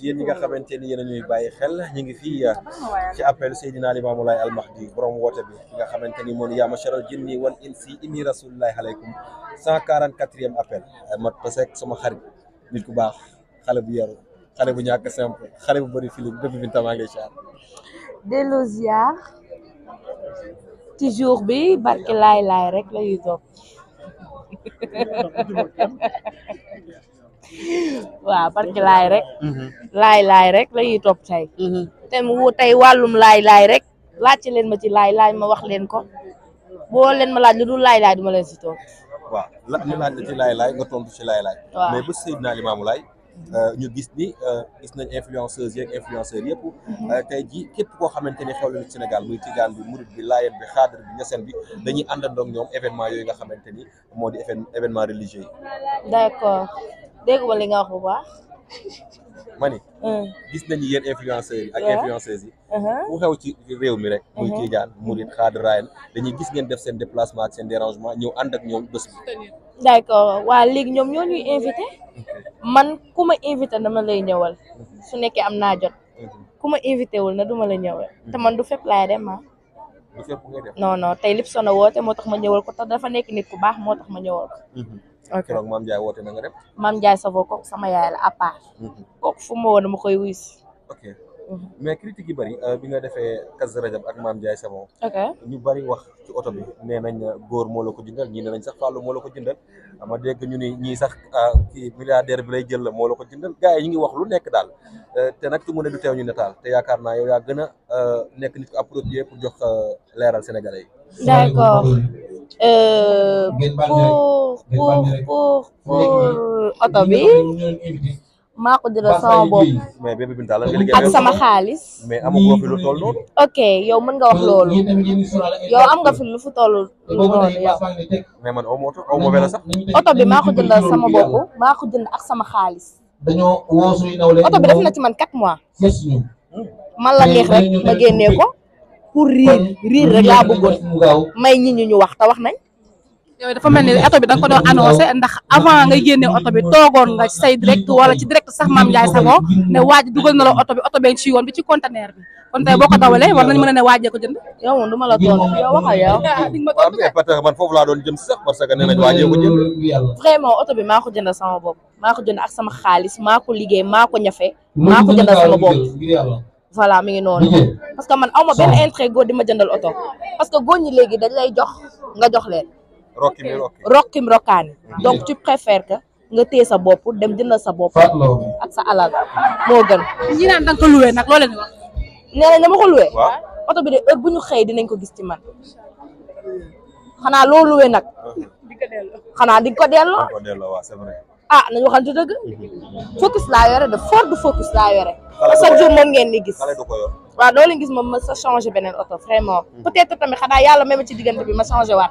yéen ñi nga xamante ni yéen ñuy bàyyi xel ñu ngi fii uh, ci appel Seydina Limaamu Laay Almahdi borom woote bi ki nga xamante ni moom yaa masharal jinni wal insi inni rasulillahi aleykum cent quarante quatrième appel uh, ma pasek sama xarit nit ku baax xale bu yaru xale bu ñàkk simple xale bu bëri filim depuis bi tamaa ngay xaar dellu ziar ci jour bi barke laay laay rek la ñuy topp waaw barke laay rek mm-hmm. laay laay rek la ñuy topp tey. Mm-hmm. te mu wàllum laay laay rek laajte leen ma ci laay laay ma wax leen ko boo leen ma laaj lu dul laay laay duma leen si toog. waaw la ñu laaj la ci laay laay nga tontu ci laay laay. mais ba Seydina Limamou Laye euh, ñu gis ni euh, gis nañ influenceuse yeeg influenceurs yëpp mm-hmm. euh, tey jii képp koo xamante ni xew la Sénégal muy tigaan bi murit bi laayeen bi xaadar bi ñaseen bi mm-hmm. dañuy àndandoo ak ñoom événement yooyu nga xamante ni moo di événement religieux yi. d'accord ma ni mm. gis nañu yéen influenceurs yi ak influenceuses yi uh-huh. ku xew ci réew mi rek muy uh-huh. tiijaan mu xaadir raayan dañuy gis ngeen def seen déplacement ak seen dérangement ñëw ànd ak ñoom bés bi d'accord waa léegi ñoom ñoo ñuy invité man ku ma invité ma lay ñëwal mm-hmm. su nekkee am naa jot mm-hmm. ku ma invité wul na duma la ñëwal te man du fépp laay dem ah. du fépp ngay dem non non tey lépp sono woote moo tax ma ñëwal ko te dafa nekk nit ku baax moo tax ma ñëwal ok keroog maam Ndiaye woote na nga dem. maam Ndiaye Savon kooku sama yaay la à part. Mm-hmm. kooku fu ma woon ma koy wis. ok mm-hmm. mais critique yi bëri euh, bi nga defee Kazu Rajab ak maam Ndiaye Savon. ok ñu bari wax ci oto bi nee nañ euh, góor moo la ko jëndal ñi nee sax Fallou moo la ko jëndal ama dégg ñu ni ñii sax euh, kii milliardaire bi lay jël la moo la ko jëndal gars yi ñu ngi wax lu nekk daal te nag tu mu ne du teew ñu ne te yaakaar naa yow yaa gën a nekk nit ku a pour jox leeral sénégalais yi. d'accord. kuh otobi oh, ma ko sama bopp mais bébé bintaala ak sama xaalis mais amagoo fi lu toll noonu ok yow mën nga wax loolu yow am nga fi lu fu toll noonu yow mais man ma oto aw sax ko sama bopp maa ko ak sama khalis nawle def na ma ko pour yooyu dafa mel ni oto bi da nga ko doon annoncé ndax avant nga génne oto bi toogoon nga say direct wala ci direct sax maam Ndiaye Savon ne waaj dugal na la oto bi oto bee ci yoon bi ci conteneur bi kon tey boo ko dawalee war nañ a ne ko jënd. ma la tontu yow wax ak yow. Ah, parce que man foofu laa xaalis maa liggéey maa ñafe maa ko jëndal sama bopp. voilà mi ngi noonu parce que man aw ma benn intérêt góor di ma jëndal oto parce que góor ñi léegi dañ lay jox nga jox rokim mi rokki rokki donc tu préfères que nga téye sa bop dem jëndal sa bop ak sa alal mo gën ñi naan dang ko loué nak lo leen wax néna ñama ko loué auto bi dé heure buñu xey dinañ ko gis ci man xana lo loué nak xana di ko délo ko c'est vrai ah nañ waxal ci dëgg focus la yoré de ford focus laa yore sa jour mom ngeen ni gis wa do leen gis mom ma sa changer benen auto vraiment mm-hmm. peut-être tamit xana yalla même ci diggante bi ma changer wat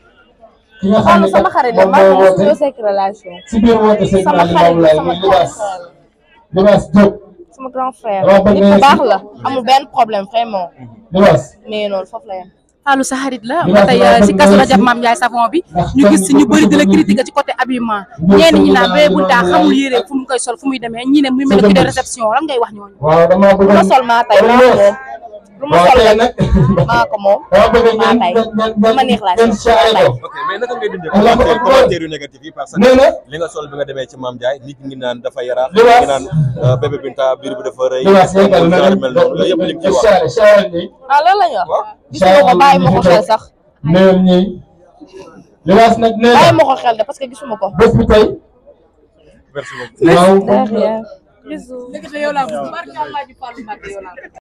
ki nga xam ne sama xarit la maa ngi studio sama grand frère nit ku baax la amul benn problème vraiment Libaas mais noonu foofu la yem sa xarit la ba tey si kasu Rajab Mame Ndiaye Savon bi ñu gis ñu bëri di la critiquer ci côté habillement ñeen ñi naan Bébé eh, Bounta xamul yére fu koy sol fu muy demee ñi ne muy mel ni de réception lan wax ñooñu waaw dama bëgg sol maa tey lu ma sol la maa ko moom maa bay parce que li nga sol bi nga demee ci Mame Ndiaye nit ñi naan dafa yaraax nit ñi naan euh, bébé biir bi dafa rëy mel noonu loolu yëpp li ci wax ah loolu la ma ko xel sax néew ñi libaas xel de parce que gisuma ko bés